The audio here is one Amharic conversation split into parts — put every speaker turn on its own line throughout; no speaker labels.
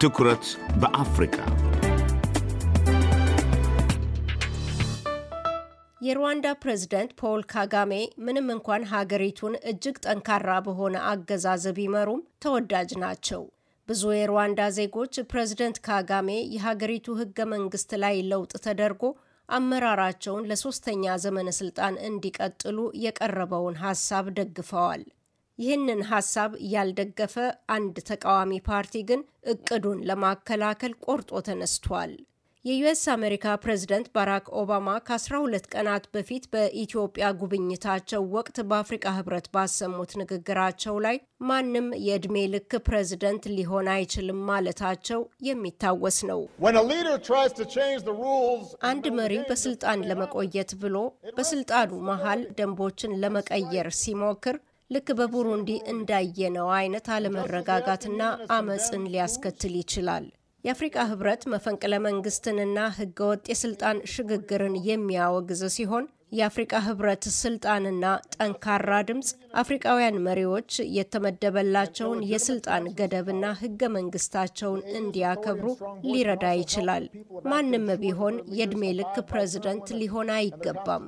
ትኩረት በአፍሪካ የሩዋንዳ ፕሬዝደንት ፖል ካጋሜ ምንም እንኳን ሀገሪቱን እጅግ ጠንካራ በሆነ አገዛዝ ቢመሩም ተወዳጅ ናቸው። ብዙ የሩዋንዳ ዜጎች ፕሬዝደንት ካጋሜ የሀገሪቱ ህገ መንግስት ላይ ለውጥ ተደርጎ አመራራቸውን ለሶስተኛ ዘመነ ስልጣን እንዲቀጥሉ የቀረበውን ሀሳብ ደግፈዋል። ይህንን ሀሳብ ያልደገፈ አንድ ተቃዋሚ ፓርቲ ግን እቅዱን ለማከላከል ቆርጦ ተነስቷል። የዩኤስ አሜሪካ ፕሬዝደንት ባራክ ኦባማ ከ12 ቀናት በፊት በኢትዮጵያ ጉብኝታቸው ወቅት በአፍሪቃ ህብረት ባሰሙት ንግግራቸው ላይ ማንም የዕድሜ ልክ ፕሬዝደንት ሊሆን አይችልም ማለታቸው የሚታወስ ነው። አንድ መሪ በስልጣን ለመቆየት ብሎ በስልጣኑ መሀል ደንቦችን ለመቀየር ሲሞክር ልክ በቡሩንዲ እንዳየነው አይነት አለመረጋጋትና አመፅን ሊያስከትል ይችላል። የአፍሪቃ ህብረት መፈንቅለ መንግስትንና ህገወጥ የስልጣን ሽግግርን የሚያወግዝ ሲሆን የአፍሪቃ ህብረት ስልጣንና ጠንካራ ድምፅ አፍሪቃውያን መሪዎች የተመደበላቸውን የስልጣን ገደብና ህገ መንግስታቸውን እንዲያከብሩ ሊረዳ ይችላል። ማንም ቢሆን የእድሜ ልክ ፕሬዝደንት ሊሆን አይገባም።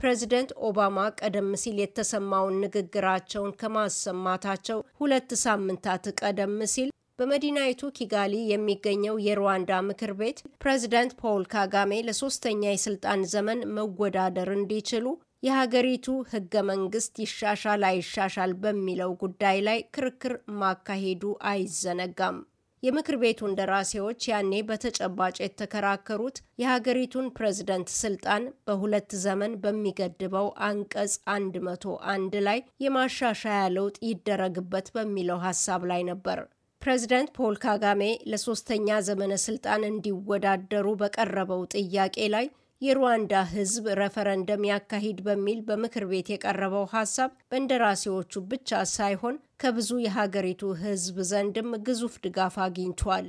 ፕሬዚደንት ኦባማ ቀደም ሲል የተሰማውን ንግግራቸውን ከማሰማታቸው ሁለት ሳምንታት ቀደም ሲል በመዲናይቱ ኪጋሊ የሚገኘው የሩዋንዳ ምክር ቤት ፕሬዚደንት ፖል ካጋሜ ለሶስተኛ የስልጣን ዘመን መወዳደር እንዲችሉ የሀገሪቱ ህገ መንግስት ይሻሻል አይሻሻል በሚለው ጉዳይ ላይ ክርክር ማካሄዱ አይዘነጋም። የምክር ቤቱ እንደራሴዎች ያኔ በተጨባጭ የተከራከሩት የሀገሪቱን ፕሬዝደንት ስልጣን በሁለት ዘመን በሚገድበው አንቀጽ 101 ላይ የማሻሻያ ለውጥ ይደረግበት በሚለው ሀሳብ ላይ ነበር። ፕሬዝደንት ፖል ካጋሜ ለሶስተኛ ዘመነ ስልጣን እንዲወዳደሩ በቀረበው ጥያቄ ላይ የሩዋንዳ ሕዝብ ረፈረንደም ያካሂድ በሚል በምክር ቤት የቀረበው ሀሳብ በእንደራሴዎቹ ብቻ ሳይሆን ከብዙ የሀገሪቱ ሕዝብ ዘንድም ግዙፍ ድጋፍ አግኝቷል።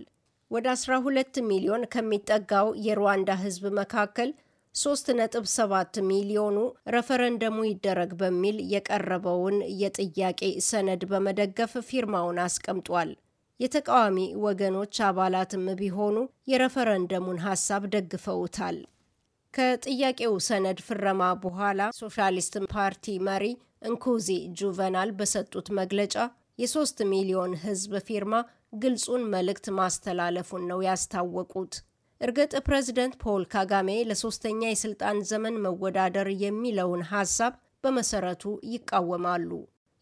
ወደ 12 ሚሊዮን ከሚጠጋው የሩዋንዳ ሕዝብ መካከል 3.7 ሚሊዮኑ ረፈረንደሙ ይደረግ በሚል የቀረበውን የጥያቄ ሰነድ በመደገፍ ፊርማውን አስቀምጧል። የተቃዋሚ ወገኖች አባላትም ቢሆኑ የረፈረንደሙን ሀሳብ ደግፈውታል። ከጥያቄው ሰነድ ፍረማ በኋላ ሶሻሊስት ፓርቲ መሪ እንኩዚ ጁቨናል በሰጡት መግለጫ የሶስት ሚሊዮን ሕዝብ ፊርማ ግልጹን መልእክት ማስተላለፉን ነው ያስታወቁት። እርግጥ ፕሬዚደንት ፖል ካጋሜ ለሶስተኛ የስልጣን ዘመን መወዳደር የሚለውን ሀሳብ በመሰረቱ ይቃወማሉ።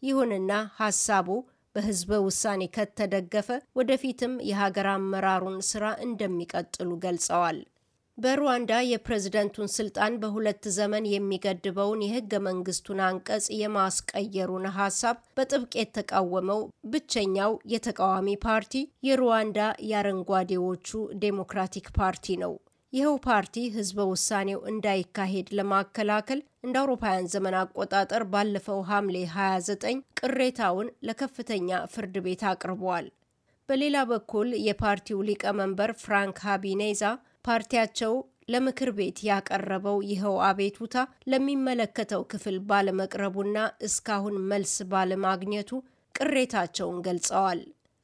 ይሁንና ሀሳቡ በህዝበ ውሳኔ ከተደገፈ ወደፊትም የሀገር አመራሩን ስራ እንደሚቀጥሉ ገልጸዋል። በሩዋንዳ የፕሬዝደንቱን ስልጣን በሁለት ዘመን የሚገድበውን የህገ መንግስቱን አንቀጽ የማስቀየሩን ሀሳብ በጥብቅ የተቃወመው ብቸኛው የተቃዋሚ ፓርቲ የሩዋንዳ የአረንጓዴዎቹ ዴሞክራቲክ ፓርቲ ነው። ይኸው ፓርቲ ህዝበ ውሳኔው እንዳይካሄድ ለማከላከል እንደ አውሮፓውያን ዘመን አቆጣጠር ባለፈው ሐምሌ 29 ቅሬታውን ለከፍተኛ ፍርድ ቤት አቅርበዋል። በሌላ በኩል የፓርቲው ሊቀመንበር ፍራንክ ሀቢኔዛ ፓርቲያቸው ለምክር ቤት ያቀረበው ይኸው አቤቱታ ለሚመለከተው ክፍል ባለመቅረቡና እስካሁን መልስ ባለማግኘቱ ቅሬታቸውን ገልጸዋል።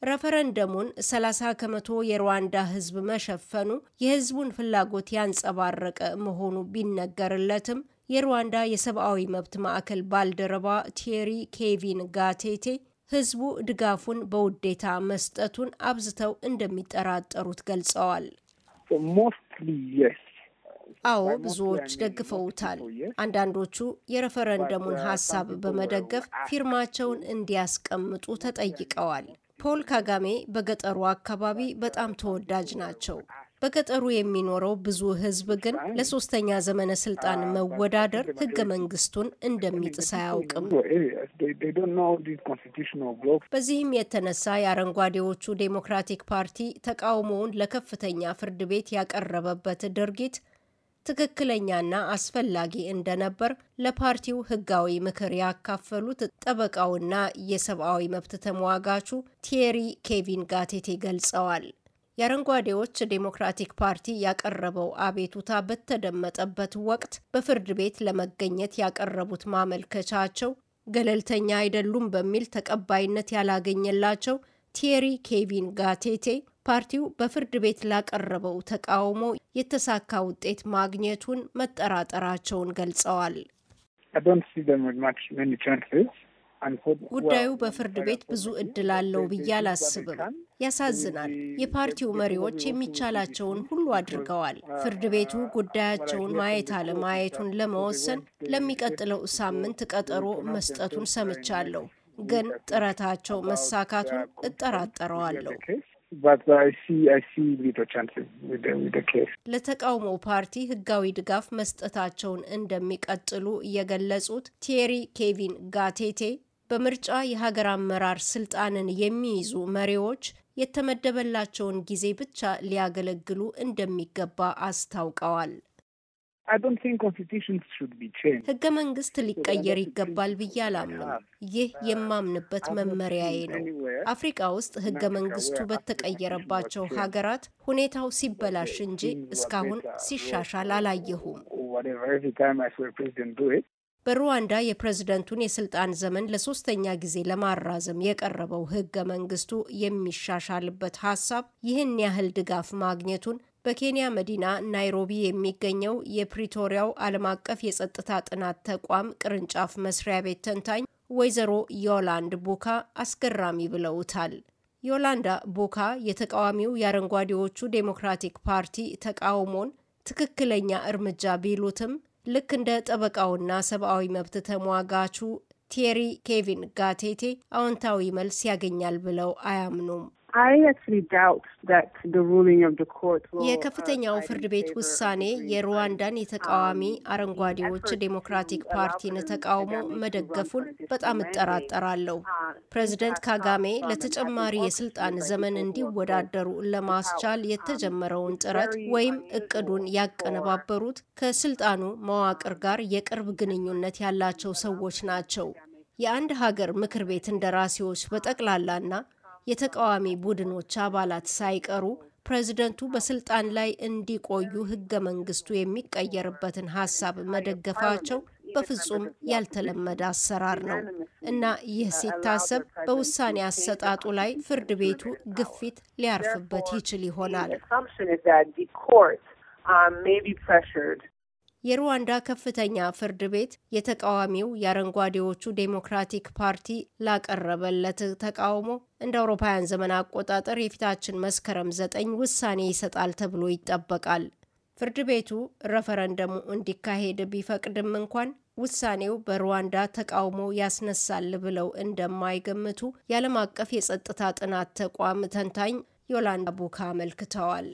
ረፈረንደሙን 30 ከመቶ የሩዋንዳ ሕዝብ መሸፈኑ የሕዝቡን ፍላጎት ያንጸባረቀ መሆኑ ቢነገርለትም የሩዋንዳ የሰብአዊ መብት ማዕከል ባልደረባ ቲየሪ ኬቪን ጋቴቴ ሕዝቡ ድጋፉን በውዴታ መስጠቱን አብዝተው እንደሚጠራጠሩት ገልጸዋል። አዎ ብዙዎች ደግፈውታል። አንዳንዶቹ የረፈረንደሙን uh, ሀሳብ በመደገፍ ፊርማቸውን እንዲያስቀምጡ ተጠይቀዋል። ፖል ካጋሜ በገጠሩ አካባቢ በጣም ተወዳጅ ናቸው። በገጠሩ የሚኖረው ብዙ ህዝብ ግን ለሶስተኛ ዘመነ ስልጣን መወዳደር ህገ መንግስቱን እንደሚጥስ አያውቅም። በዚህም የተነሳ የአረንጓዴዎቹ ዴሞክራቲክ ፓርቲ ተቃውሞውን ለከፍተኛ ፍርድ ቤት ያቀረበበት ድርጊት ትክክለኛና አስፈላጊ እንደነበር ለፓርቲው ህጋዊ ምክር ያካፈሉት ጠበቃውና የሰብአዊ መብት ተሟጋቹ ቲየሪ ኬቪን ጋቴቴ ገልጸዋል። የአረንጓዴዎች ዴሞክራቲክ ፓርቲ ያቀረበው አቤቱታ በተደመጠበት ወቅት በፍርድ ቤት ለመገኘት ያቀረቡት ማመልከቻቸው ገለልተኛ አይደሉም በሚል ተቀባይነት ያላገኘላቸው ቲየሪ ኬቪን ጋቴቴ ፓርቲው በፍርድ ቤት ላቀረበው ተቃውሞ የተሳካ ውጤት ማግኘቱን መጠራጠራቸውን ገልጸዋል። ጉዳዩ በፍርድ ቤት ብዙ እድል አለው ብዬ አላስብም። ያሳዝናል። የፓርቲው መሪዎች የሚቻላቸውን ሁሉ አድርገዋል። ፍርድ ቤቱ ጉዳያቸውን ማየት አለማየቱን ለመወሰን ለሚቀጥለው ሳምንት ቀጠሮ መስጠቱን ሰምቻለሁ፣ ግን ጥረታቸው መሳካቱን እጠራጠረዋለሁ። ለተቃውሞ ፓርቲ ህጋዊ ድጋፍ መስጠታቸውን እንደሚቀጥሉ የገለጹት ቴሪ ኬቪን ጋቴቴ በምርጫ የሀገር አመራር ስልጣንን የሚይዙ መሪዎች የተመደበላቸውን ጊዜ ብቻ ሊያገለግሉ እንደሚገባ አስታውቀዋል። ህገ መንግስት ሊቀየር ይገባል ብዬ አላምንም። ይህ የማምንበት መመሪያዬ ነው። አፍሪቃ ውስጥ ህገ መንግስቱ በተቀየረባቸው ሀገራት ሁኔታው ሲበላሽ እንጂ እስካሁን ሲሻሻል አላየሁም። በሩዋንዳ የፕሬዝደንቱን የስልጣን ዘመን ለሶስተኛ ጊዜ ለማራዘም የቀረበው ህገ መንግስቱ የሚሻሻልበት ሀሳብ ይህን ያህል ድጋፍ ማግኘቱን በኬንያ መዲና ናይሮቢ የሚገኘው የፕሪቶሪያው ዓለም አቀፍ የጸጥታ ጥናት ተቋም ቅርንጫፍ መስሪያ ቤት ተንታኝ ወይዘሮ ዮላንድ ቡካ አስገራሚ ብለውታል። ዮላንዳ ቡካ የተቃዋሚው የአረንጓዴዎቹ ዴሞክራቲክ ፓርቲ ተቃውሞን ትክክለኛ እርምጃ ቢሉትም ልክ እንደ ጠበቃውና ሰብአዊ መብት ተሟጋቹ ቴሪ ኬቪን ጋቴቴ አዎንታዊ መልስ ያገኛል ብለው አያምኑም። Uh, የከፍተኛው ፍርድ ቤት ውሳኔ የሩዋንዳን um, የተቃዋሚ አረንጓዴዎች ዴሞክራቲክ ፓርቲን ተቃውሞ መደገፉን በጣም እጠራጠራለሁ። uh, ፕሬዚደንት ካጋሜ ለተጨማሪ የስልጣን ዘመን እንዲወዳደሩ um, ለማስቻል የተጀመረውን ጥረት ወይም እቅዱን ያቀነባበሩት ከስልጣኑ መዋቅር ጋር የቅርብ ግንኙነት ያላቸው ሰዎች ናቸው። የአንድ ሀገር ምክር ቤት እንደራሴዎች በጠቅላላና የተቃዋሚ ቡድኖች አባላት ሳይቀሩ ፕሬዝደንቱ በስልጣን ላይ እንዲቆዩ ህገ መንግስቱ የሚቀየርበትን ሀሳብ መደገፋቸው በፍጹም ያልተለመደ አሰራር ነው እና ይህ ሲታሰብ በውሳኔ አሰጣጡ ላይ ፍርድ ቤቱ ግፊት ሊያርፍበት ይችል ይሆናል። የሩዋንዳ ከፍተኛ ፍርድ ቤት የተቃዋሚው የአረንጓዴዎቹ ዴሞክራቲክ ፓርቲ ላቀረበለት ተቃውሞ እንደ አውሮፓውያን ዘመን አቆጣጠር የፊታችን መስከረም ዘጠኝ ውሳኔ ይሰጣል ተብሎ ይጠበቃል። ፍርድ ቤቱ ረፈረንደሙ እንዲካሄድ ቢፈቅድም እንኳን ውሳኔው በሩዋንዳ ተቃውሞ ያስነሳል ብለው እንደማይገምቱ የዓለም አቀፍ የጸጥታ ጥናት ተቋም ተንታኝ ዮላንዳ ቡካ አመልክተዋል።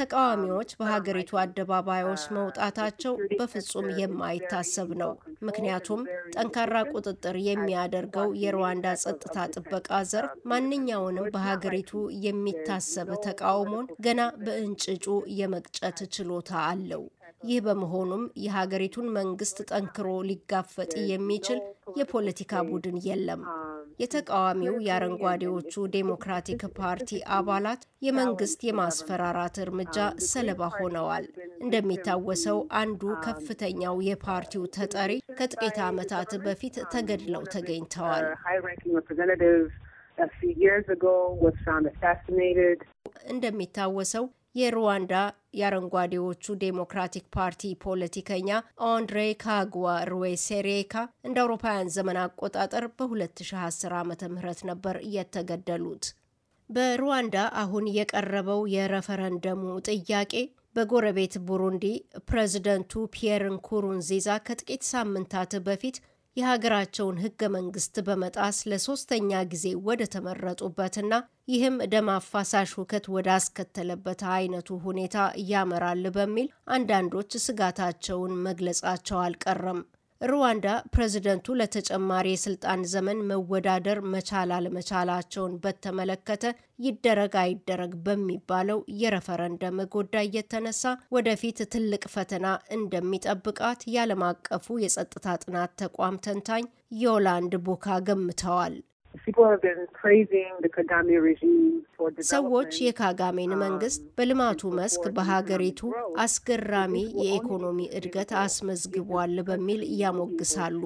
ተቃዋሚዎች um, በሀገሪቱ አደባባዮች uh, መውጣታቸው በፍጹም የማይታሰብ ነው። ምክንያቱም ጠንካራ ቁጥጥር የሚያደርገው የሩዋንዳ ጸጥታ ጥበቃ ዘርፍ um, ማንኛውንም በሀገሪቱ የሚታሰብ ተቃውሞን ገና በእንጭጩ የመቅጨት ችሎታ አለው። ይህ በመሆኑም የሀገሪቱን መንግስት ጠንክሮ ሊጋፈጥ የሚችል የፖለቲካ ቡድን የለም። የተቃዋሚው የአረንጓዴዎቹ ዴሞክራቲክ ፓርቲ አባላት የመንግስት የማስፈራራት እርምጃ ሰለባ ሆነዋል። እንደሚታወሰው አንዱ ከፍተኛው የፓርቲው ተጠሪ ከጥቂት ዓመታት በፊት ተገድለው ተገኝተዋል። እንደሚታወሰው የሩዋንዳ የአረንጓዴዎቹ ዴሞክራቲክ ፓርቲ ፖለቲከኛ አንድሬ ካግዋ ሴሬካ እንደ አውሮፓውያን ዘመን አቆጣጠር በ2010 ዓ ም ነበር የተገደሉት። በሩዋንዳ አሁን የቀረበው የረፈረንደሙ ጥያቄ በጎረቤት ቡሩንዲ ፕሬዝደንቱ ፒየር ንኩሩንዚዛ ከጥቂት ሳምንታት በፊት የሀገራቸውን ህገ መንግስት በመጣስ ለሶስተኛ ጊዜ ወደ ተመረጡበትና ይህም ደም አፋሳሽ ሁከት ወዳስከተለበት አይነቱ ሁኔታ ያመራል በሚል አንዳንዶች ስጋታቸውን መግለጻቸው አልቀረም። ሩዋንዳ ፕሬዝደንቱ ለተጨማሪ የስልጣን ዘመን መወዳደር መቻል አለመቻላቸውን በተመለከተ ይደረግ አይደረግ በሚባለው የረፈረንደም ጉዳይ እየተነሳ ወደፊት ትልቅ ፈተና እንደሚጠብቃት የዓለም አቀፉ የጸጥታ ጥናት ተቋም ተንታኝ ዮላንድ ቦካ ገምተዋል። ሰዎች የካጋሜን um, መንግስት በልማቱ መስክ በሀገሪቱ አስገራሚ የኢኮኖሚ እድገት አስመዝግቧል በሚል ያሞግሳሉ።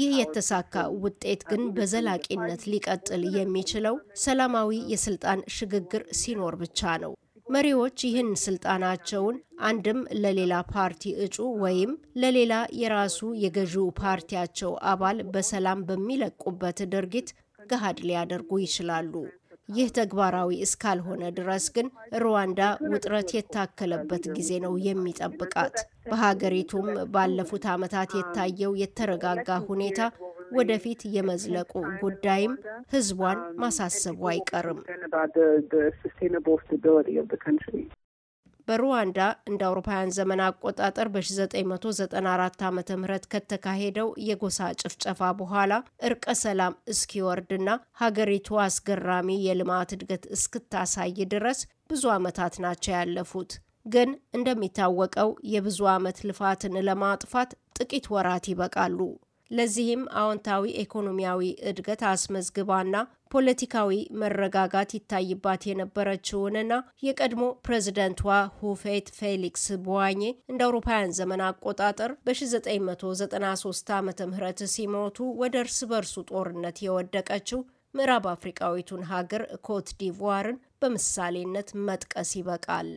ይህ የተሳካ ውጤት ግን በዘላቂነት ሊቀጥል የሚችለው ሰላማዊ የስልጣን ሽግግር ሲኖር ብቻ ነው። መሪዎች ይህን ስልጣናቸውን አንድም ለሌላ ፓርቲ እጩ ወይም ለሌላ የራሱ የገዢው ፓርቲያቸው አባል በሰላም በሚለቁበት ድርጊት ገሃድ ሊያደርጉ ይችላሉ። ይህ ተግባራዊ እስካልሆነ ድረስ ግን ሩዋንዳ ውጥረት የታከለበት ጊዜ ነው የሚጠብቃት። በሀገሪቱም ባለፉት ዓመታት የታየው የተረጋጋ ሁኔታ ወደፊት የመዝለቁ ጉዳይም ህዝቧን ማሳሰቡ አይቀርም። በሩዋንዳ እንደ አውሮፓውያን ዘመን አቆጣጠር በ1994 ዓ ም ከተካሄደው የጎሳ ጭፍጨፋ በኋላ እርቀ ሰላም እስኪወርድና ሀገሪቱ አስገራሚ የልማት እድገት እስክታሳይ ድረስ ብዙ ዓመታት ናቸው ያለፉት። ግን እንደሚታወቀው የብዙ ዓመት ልፋትን ለማጥፋት ጥቂት ወራት ይበቃሉ። ለዚህም አዎንታዊ ኢኮኖሚያዊ እድገት አስመዝግባና ፖለቲካዊ መረጋጋት ይታይባት የነበረችውንና የቀድሞ ፕሬዝደንቷ ሁፌት ፌሊክስ ቦዋኜ እንደ አውሮፓውያን ዘመን አቆጣጠር በ1993 ዓ ም ሲሞቱ ወደ እርስ በርሱ ጦርነት የወደቀችው ምዕራብ አፍሪቃዊቱን ሀገር ኮት ዲቮርን በምሳሌነት መጥቀስ ይበቃል።